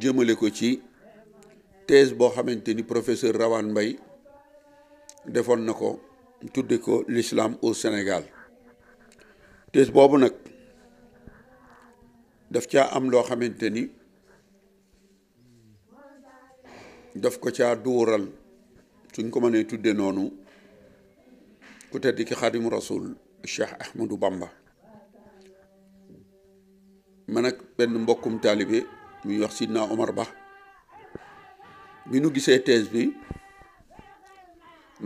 jëmale ko ci thèse boo xamante ni professeur Rawane mbay defoon na ko tudde ko l'islam au Sénégal thèse boobu nag daf caa am loo xamante ni daf ko caa duural suñ ko mënee tudde noonu ku tedd ki xaadimu rasul Cheikh Ahmadou Bamba man ak benn mbokkum taalibe ñuy wax Sidna Omar Ba bi nu gisee thèse bi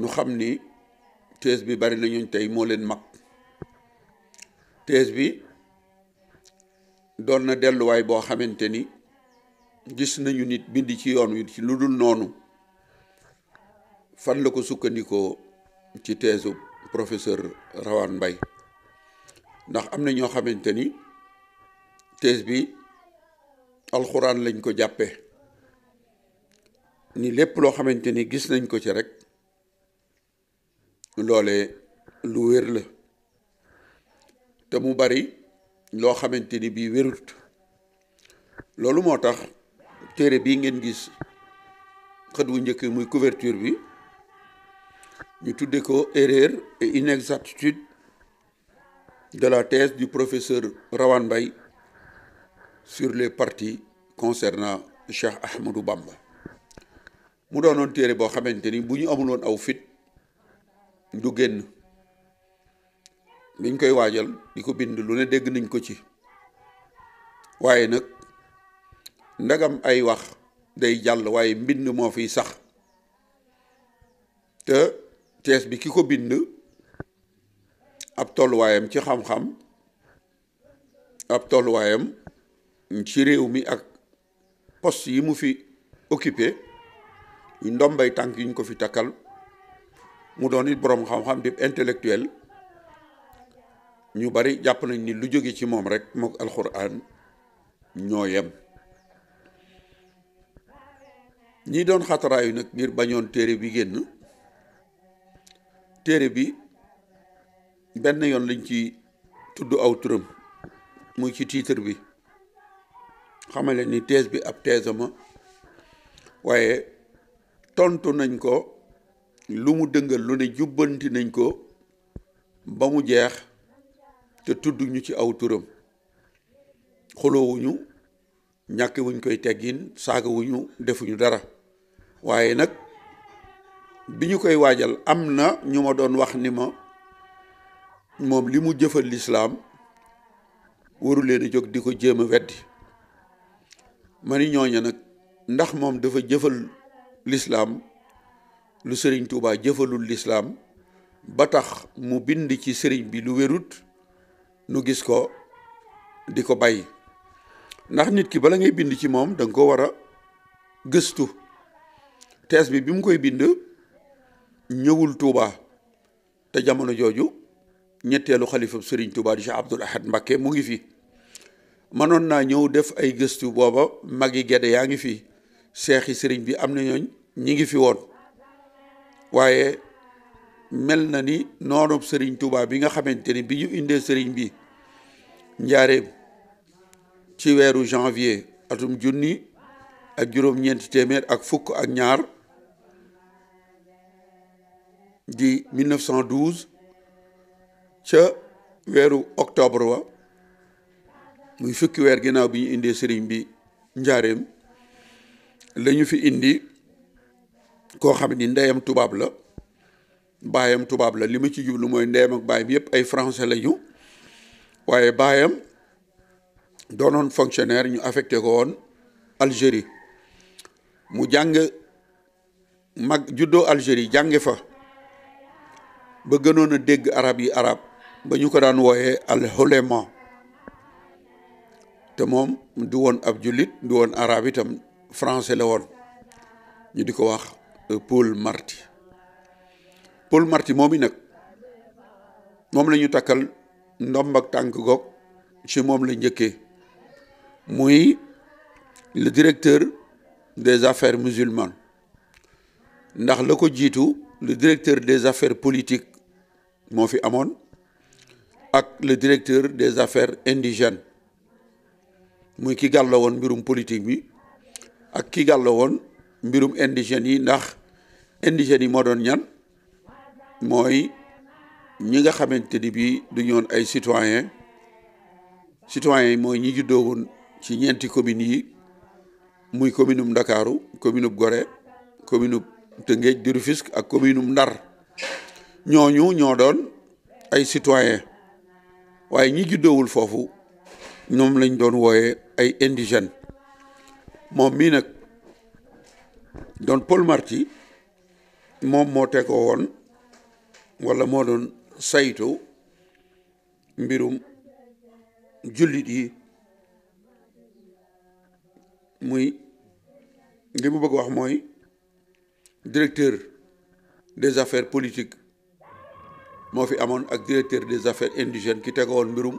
nu xam ni thèse bi bari nañu tey moo leen mag thèse bi doon na delluwaay boo xamante ni gis nañu nit bind ci yoon wi ci lu dul noonu fan la ko sukkandikoo ci thèse professeur Rawane Mbaye ndax am na ñoo xamante ni thèse bi alxuraan lañ ko jàppee ni lépp loo xamante ni gis nañ ko ci rek loole lu wér la te mu bari loo xamante ni bii wérut loolu moo tax téere bii ngeen gis xët wu njëkk muy couverture bi ñu tudde ko erreur et inexactitude de la thèse du professeur Rawane Baye sur les partis concernant Cheikh Ahmadou Bamba mu doonoon téere boo xamante ni bu ñu amuloon aw fit du génn biñ koy waajal di ko bind lu ne dégg nañ ko ci waaye nag ndagam ay wax day jàll waaye mbind moo fiy sax te tees bi ki ko bind ab tolluwaayam ci xam-xam ab tolluwaayam ci réew mi ak post yi mu fi occupé ndombay tànk yuñ ko fi takkal mu doon it boroom xam-xam di intellectuel ñu bari jàpp nañ ni lu jóge ci moom rek mook alxuraan ñoo yem ñi doon xataraayu nag ngir bañoon téere bi génn téere bi benn yoon lañ ci tudd aw turam muy ci titre bi xamale ni thèse bi ab thèse ma waaye tontu nañ ko lu mu dëngal lu ne jubbanti nañ ko ba mu jeex te tudd ñu ci aw turam xulowuñu ñàkk koy teggin saagawuñu defuñu dara waaye nag bi ñu koy waajal am na ñu ma doon wax ni ma moom li mu jëfal lislaam waru leen a jóg di ko jéem a weddi ma ñooña nag ndax moom dafa jëfal lislaam lu sëriñ tuuba jëfalul lislaam ba tax mu bind ci sëriñ bi lu wérut nu gis ko di ko bàyyi ndax nit ki bala ngay bind ci moom danga ko war a gëstu thèse bi bi mu koy bind ñëwul Tuubaa te jamono jooju ñetteelu xalifab sëriñ Tuubaa di Cheikh Abdoul Ahad Mbacké mu ngi fi mënoon naa ñëw def ay gëstu booba mag yi gedde yaa ngi fi seexi sëriñ bi am na ñooñ ñi ngi fi woon waaye mel na ni noonub sëriñ Touba bi nga xamante ni bi ñu indee sëriñ bi njaareem ci weeru janvier atum junni ak juróom-ñeenti téeméer ak fukk ak ñaar di 1912 ca weeru octobre wa muy fukki weer ginnaaw bi ñu indee sëriñ bi njaareem lañu fi indi koo xam ni ndeyam tubaab la baayam tubaab la li ci ci jublu mooy ndeyam ak baayam yëpp ay français lañu waaye baayam doonoon fonctionnaire ñu affecté ko woon Algérie mu jàng mag juddoo Algérie jànge fa ba gënoon dégg arab yi arab ba ñu ko daan wooyee al hulema te moom du woon ab jullit du woon arabe itam français la woon ñu di ko wax euh, Paul Marty Paul Marty moom i nag moom la ñu takkal ndomb ak tànk goog ci moom la njëkkee muy le directeur des affaires musulmanes ndax la ko le directeur des affaires politiques moo fi amoon ak le directeur des affaires indigènes muy ki gàlla woon mbirum politique bi ak ki gàlla woon mbirum indigènes yi ndax indigènes yi moo doon ñan mooy ñi nga xamante ni bii du ñoon ay citoyen citoyens yi mooy ñi juddoo woon ci ñeenti communes yi muy commune um Ndakaaru commune ub um Gorée commune ub um Tëngéej di ak commune um Ndar ñooñu ñoo doon ay citoyen waaye ñi juddoowul foofu ñoom lañ doon woyé ay indigènes mom mi nak don Paul Marty mom mo tegoo won wala moo doon saytu mbirum jullit yi muy li mu bëgg wax mooy directeur des affaires politiques moo fi amoon ak directeur des affaires indigènes ki tegoo mbirum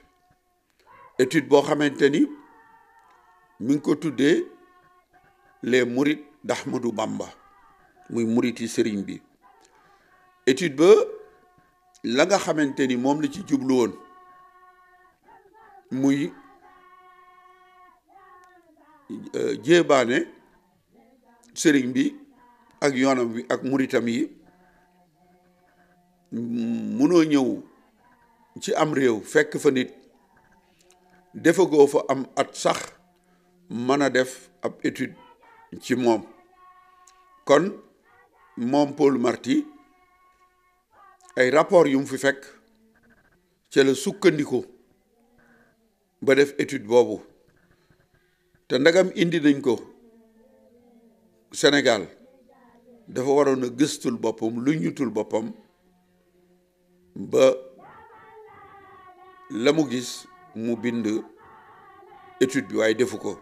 étude boo xamante ni mi ngi ko tuddee les murit d'Ahmadou Bamba muy murit sëriñ bi étude ba la nga xamante ni moom la ci jublu woon muy euh, jéebaane sëriñ bi ak yoonam bi ak muritam yi munoo ñëw ci am réew fekk fa nit defagoo fa am at sax mën a def ab étude ci moom kon moom Paul Marty ay rapport yu mu fi fekk ca la sukkandiku ba def étude boobu te ndagam indi nañ ko Sénégal dafa waroon a gëstul boppam lu ñutul boppam ba la mu gis mu bind étude bi waaye defu ko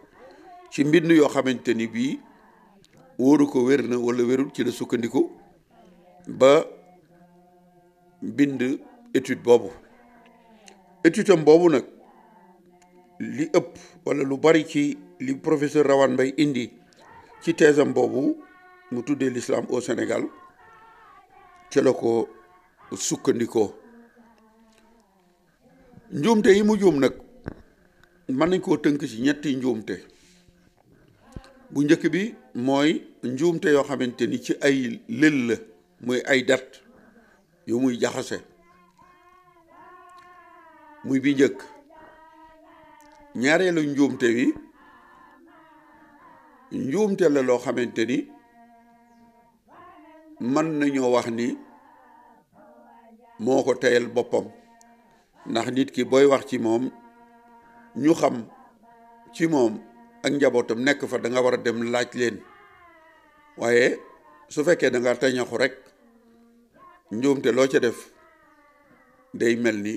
ci mbind yoo xamante ni bii wóoru ko wér na wala wérul ci la sukkandiku ba bind étude boobu étude am boobu nag li ëpp walla lu bari ci li professeur Rawane Mbaye indi ci thèse am boobu mu tuddee l'islam au Sénégal ci la ko sukkandikoo njuumte yi mu juum nag mën nañ koo tënk ci ñetti njuumte bu njëkk bi mooy njuumte yoo xamante ni ci ay lël la muy ay dat yu muy jaxase muy bi njëkk ñaareelu njuumte wi njuumte la loo xamante ni mën nañoo wax ni moo ko teyal boppam ndax nit ki booy wax ci moom ñu xam ci moom ak njabootam nekk fa danga war a dem laaj leen waaye su fekkee danga nga teñaxu rek njuumte loo ca def day mel ni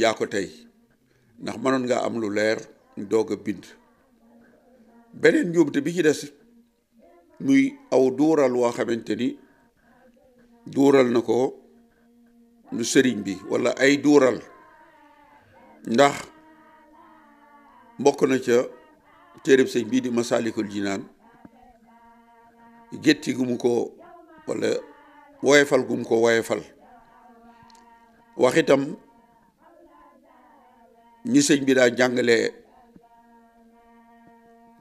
yaa ko tey ndax mënoon nga am lu leer doog a bind beneen njuumte bi ci des muy aw duural woo xamante ni duural na ko lu sëriñ bi walla ay duural ndax mbokk na ca téereb sëñ bii di masaalikul jinaan gétti gu mu ko walla woyefal gum ko woyefal waxitam itam sëñ bi daa jàngale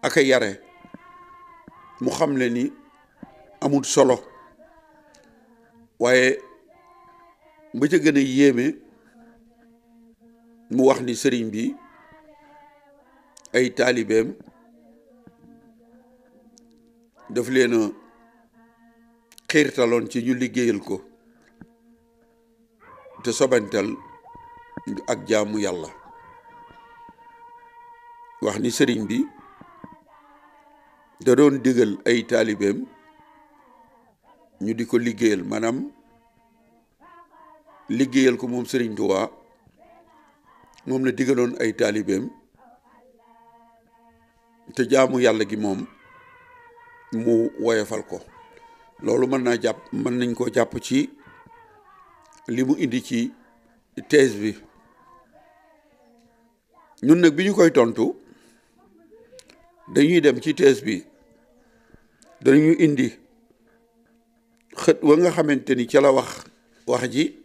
ak yare mu xam le ni amul solo waaye ba ca gën a yéeme mu wax ni sëriñ bi ay taalibeem daf leen a xiirtaloon ci ñu liggéeyal ko te sobantal ak jaamu yàlla wax ni sëriñ bi da doon digal ay taalibeem ñu di ko liggéeyal maanaam liggéeyal ko moom Serigne Touba moom la digaloon ay taalibeem te jaamu yàlla gi moom mu woyofal ko loolu mën naa jàpp mën nañ koo jàpp ci li mu indi ci thèse bi ñun nag bi ñu koy tontu dañuy dem ci thèse bi dañuy indi xët wa nga xamante ni ca la wax wax ji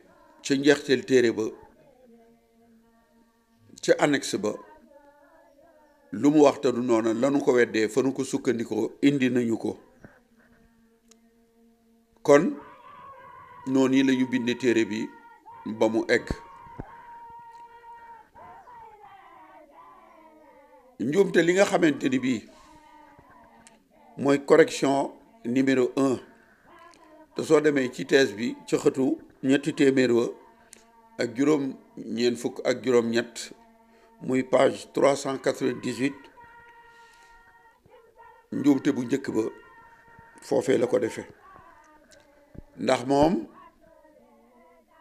ci njeexteel téere ba ci annexe ba lu mu wax te du noona lanu ko weddee fa nu ko sukkandikoo indi nañu ko kon noonu yi la ñu bindee téere bi ba mu egg njuumte li nga xamante ni bii mooy correction numéro 1 te soo demee ci thèse bi ci xëtu ñetti téeméer wa ak juróom ñeent fukk ak juróom ñett muy page 398 njuumte bu njëkk ba foofee la ko defe ndax moom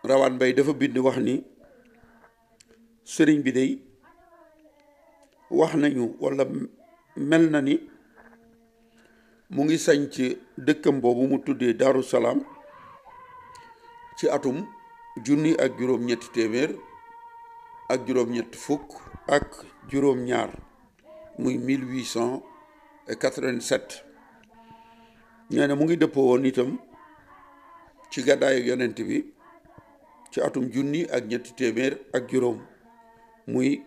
rawaan bay dafa bind wax ni sëriñ bi day wax nañu walla mel na ni mu ngi sañ ci dëkkam boobu mu tuddee Daaru Salaam ci atum junni ak juróom-ñetti téeméer ak juróom-ñett fukk ak juróom-ñaar muy 1887 nee na mu ngi dëppoo woon itam ci gàddaayu yenent bi ci atum junni ak ñetti téeméer ak juróom muy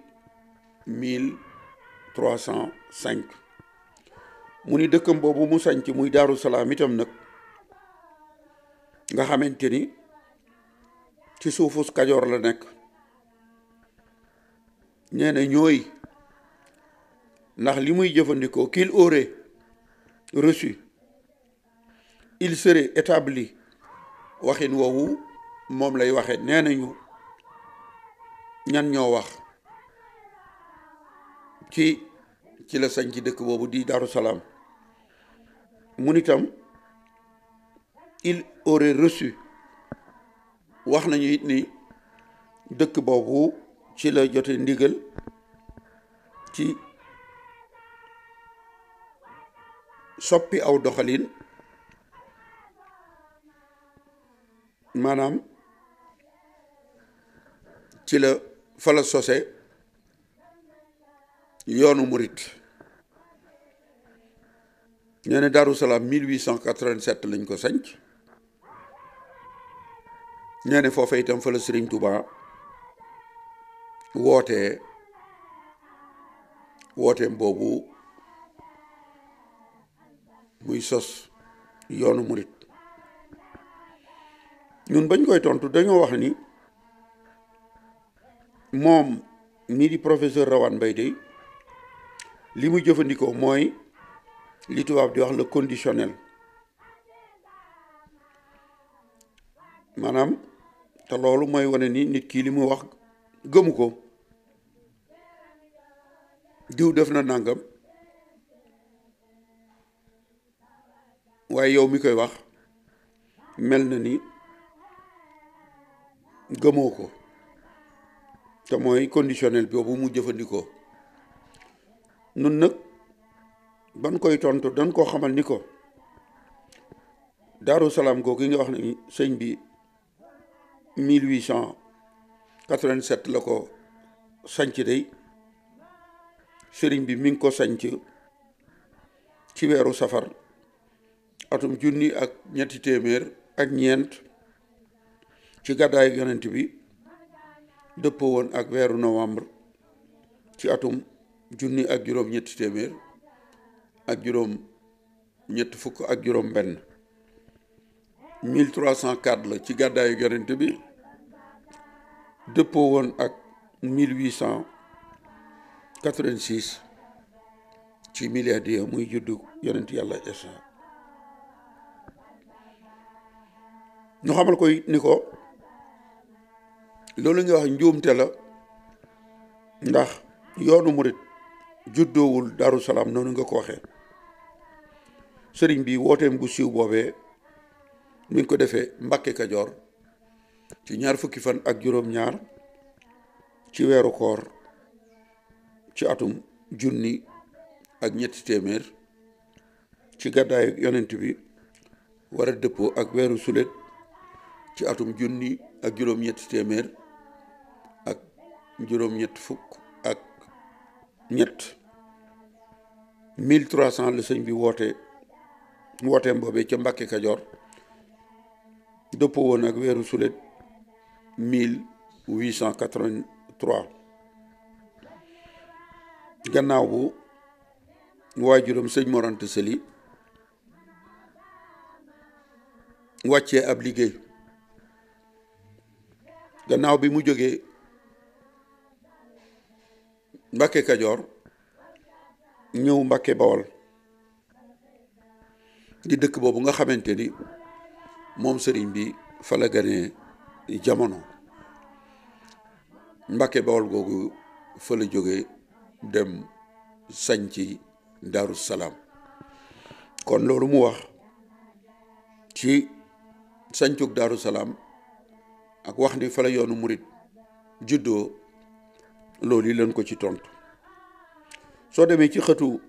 1305 mu ni dëkkam boobu mu sanc muy daaru salaam itam nag nga xamante ni ci suufus kajoor la nekk nee na ñooy ndax li muy jëfandikoo qu'il aurait reçu il serait établi waxin woowu moom lay waxe nee nañu ñan ñoo wax ci ci la sañ ci dëkk boobu di Daaru mu nitam il aurait reçu wax nañu it ni dëkk boobu ci la jote ndigal ci soppi aw doxalin maanaam ci la fala sose yoonu murit nee na Daaru Salaam 1887 lañ ko sanc nee ne foofa itam fa la Sëriñ Tuuba wootee wooteem boobu muy sos yoonu murit ñun bañ koy tontu dañoo wax ni moom mii di professeur Rawane Mbaye dey li muy jëfandikoo mooy li tubaab di wax le conditionnel maanaam loolu mooy wane ni nit kii li mu wax gëmu ko diw def na nàngam waaye yow mi koy wax mel na ni gëmoo ko te mooy conditionnel boobu mu jëfandikoo nun nag ban koy tontu dañ koo xamal ni ko daaru salaam googu nga wax ne sëñ bi 1887 la ko sanc day sëriñ bi mi ngi ko sanc ci weeru safar atum junni ak ñetti téeméer ak ñeent ci gàddaay yonent bi dëppoo woon ak weeru nowembre ci atum junni ak juróom ñetti téeméer ak juróom ñetti fukk ak juróom benn cent 1304 la ci gàddaayu yonent bi dëppoo woon ak 1886 ci miladiya muy juddu yonent yàlla Isa ñu xamal ko ni ko loolu nga wax njuumte la ndax yoonu murit juddoowul Daaru Salaam noonu nga ko waxee sëriñ bi wooteem bu siiw boobee mi ngi ko defee Mbàkke Kajoor ci ñaar fukki fan ak juróom-ñaar ci weeru koor ci atum junni ak ñetti téeméer ci gàddaayu yonent bi wara a dëppoo ak weeru sulet ci atum junni ak juróom-ñetti téeméer ak juróom-ñett fukk ak ñett 1300 la sëñ bi woote wooteem boobee ca Mbàkke Kajoor dëppoo woon ak weeru sulet 1883 gannaaw bu wajurum seigne Mor seli Sali wàccee ab liggéey gannaaw bi mu jógee Mbàkke kadior ñew Mbàkke Bawol di dëkk boobu nga xamante ni moom sëriñ bi fa la gane jamono mbakke Bawol googu fa la jóge dem sañci Daaru Salaam kon loolu mu wax ci sañcug Daaru Salaam ak wax ni fa la yoonu murit juddoo loolu yi leen ko ci tontu soo demee ci xëtu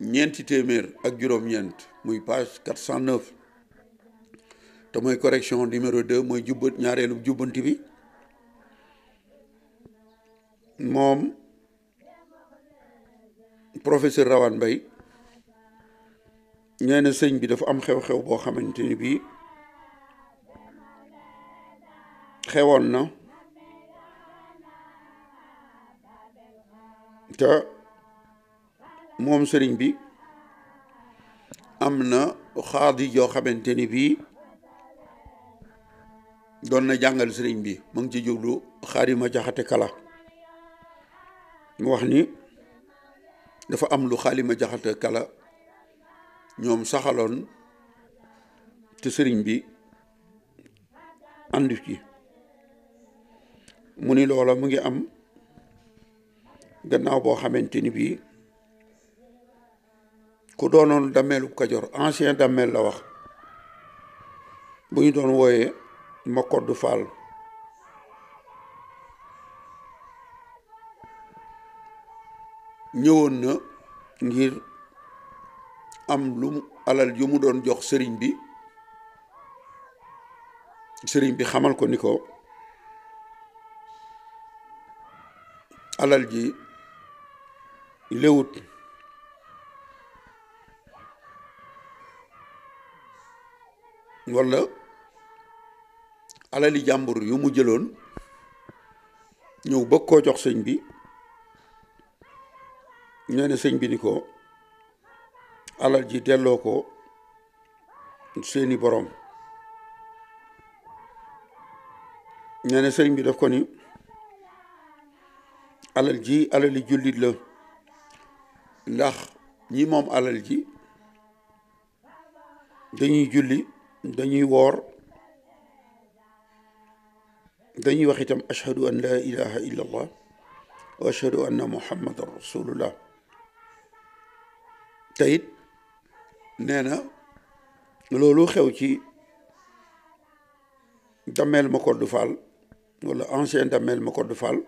ñeenti téeméer ak juróom-ñeent muy page te mooy correction numéro deux mooy jubba ñaareelu jubbanti bi moom professeur Rawane Mbaye nee na sëñ bi dafa am xew-xew boo xamante ni bii xewoon na te moom sëriñ bi am na xaadi joo xamante ni bii doon na jàngal sëriñ bi mu ngi ci jublu xaadima jaxate kala mu wax ni dafa am lu xaalima jaxate kala ñoom saxaloon te sëriñ bi ànd ci mu ni loola mu ngi am gannaaw boo xamante ni bii ku doonoon dammeelu Kajoor ancien dammeel la wax bu ñu doon wooyee ma koddu Fall ñëwoon na ngir am lu alal yu mu doon jox sëriñ bi sëriñ bi xamal ko ni ko alal ji léwut walla alali jàmbur yu mu jëloon ñëw bëgg koo jox sëñ bi nee na sëñ bi ni ko alal ji delloo ko seeni boroom nee na sëñ bi daf ko ni alal ji alali jullit la ndax ñi moom alal ji dañuy julli dañuy woor داني وختم أشهد أن لا إله إلا الله وأشهد أن محمد رسول الله تايت طيب، نانا لولو خوكي دمال مكورد فال ولا أنسين دمال مكورد فال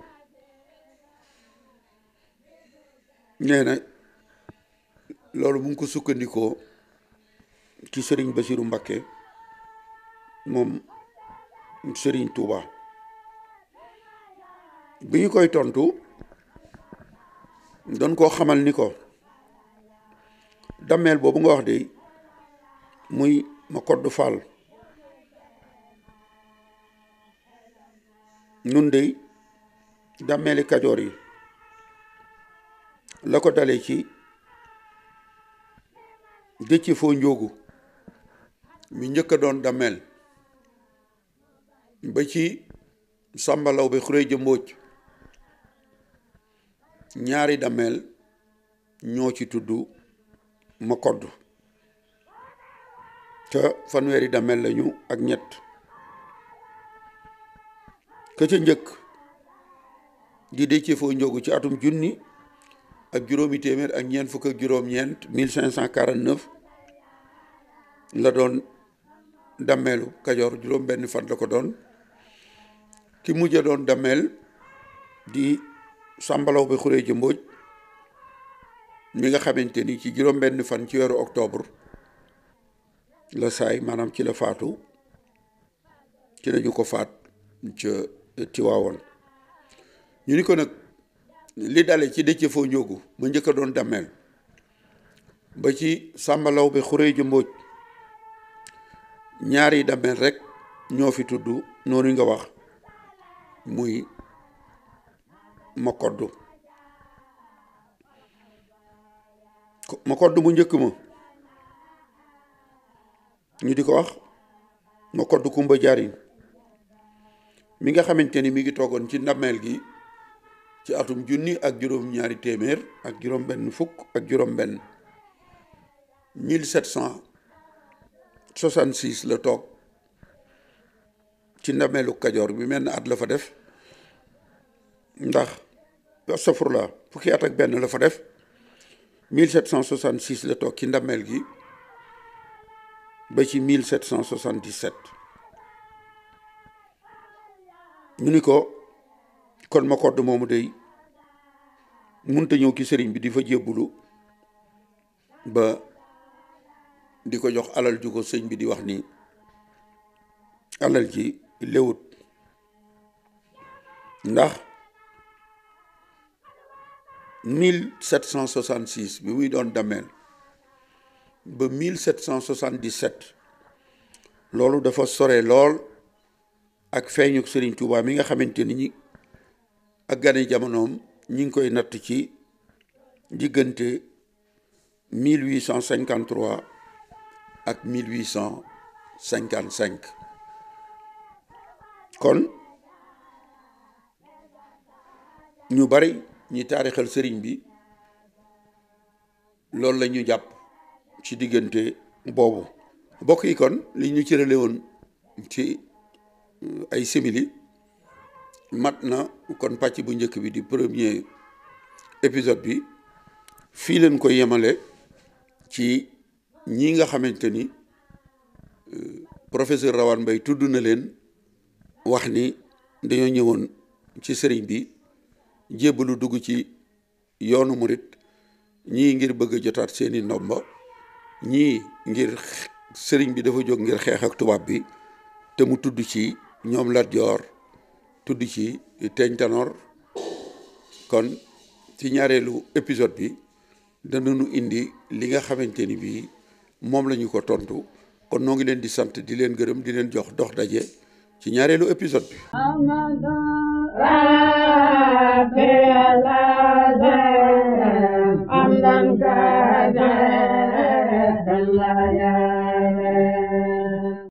نانا لولو مونكو سكنديكو كي سرين بزيرو مباكي موم سرين توباه bi ñu koy tontu doon koo xamal ni ko dammeel boobu nga wax de muy ma koddu faal nun de dammeeli kajoor yi la ko dalee ci dëcc foo njóogu mi njëkk a doon dammeel ba ci sàmbalaw bi xuree jëmbooj ñaari dameel ñoo ci tudd ma kodd te fanweeri dameel lañu ak ñett ka ca njëkk di Déthié Fo Ndiogou ci atum junni ak juróomi téeméer ak ñeent fukk ak juróom-ñeent 1549 la doon dammeelu Kajoor juróom benn fan la ko doon ki mujj doon dammeel di sàmbalaw bi xuree ji mi nga xamante ni ci juróom benn fan ci weeru octobre la saay maanaam ci la faatu ci lañu ko faat ca Tiwaawoon ñu ni ko nag li dale ci dëcce foo njóogu ma njëkk a doon dammeel ba ci sàmbalaw bi xuree ji mbóoj ñaari dammeel rek ñoo fi tudd noonu nga wax muy makoddu makoddu bu njëkk ma ñu di ko wax makoddu kumba jaarin mi nga xamante ni mi ngi toogoon ci ndameel gi ci atum junni ak juróom ñaari téeméer ak juróom benn fukk ak juróom benn 1766 la toog ci ndameelu kajoor bi mel na at la fa def ndax safurla fukki at ak benn la fa def 1766 la toog ci ndameel gi ba ci 1777 ñu ni ko kon ma kodd moomu day munta ñëw ki sëriñ bi di fa jébbulu ba di ko jox alal ju ko sëñ bi di wax ni alal ji lewut ndax 1766 oui dans doon damel... ba 1777 loolu dafa sore lool ak fait, Serigne Touba mi nga xamante ni ak gane jamonoom ñi koy natt ci diggante 1853 ak 1855 kon ñu bari ñi taarixal sëriñ bi loolu la jàpp ci diggante boobu bokki kon li ñu cërale woon ci euh, ay simili mat na kon pàcc bu njëkk bi di premier épisode bi fii leen ko yemale ci ñi nga xamante ni euh, professeur Rawane Mbaye tudd na leen wax ni dañoo ñëwoon ci sëriñ bi jébbalu dugg ci yoonu murit ñii ngir bëgg a jotaat seeni ndomba ñii ngir sëriñ bi dafa jóg ngir xeex tubaab bi te mu tudd ci ñoom Lat Joor tudd ci Teeñ Tanoor kon ci ñaareelu épisode bi nu indi li nga xamante ni bii moom lañu ko tontu kon noo ngi leen di sant di leen gërëm di leen jox dox daje ci ñaareelu épisode bi la, la, la,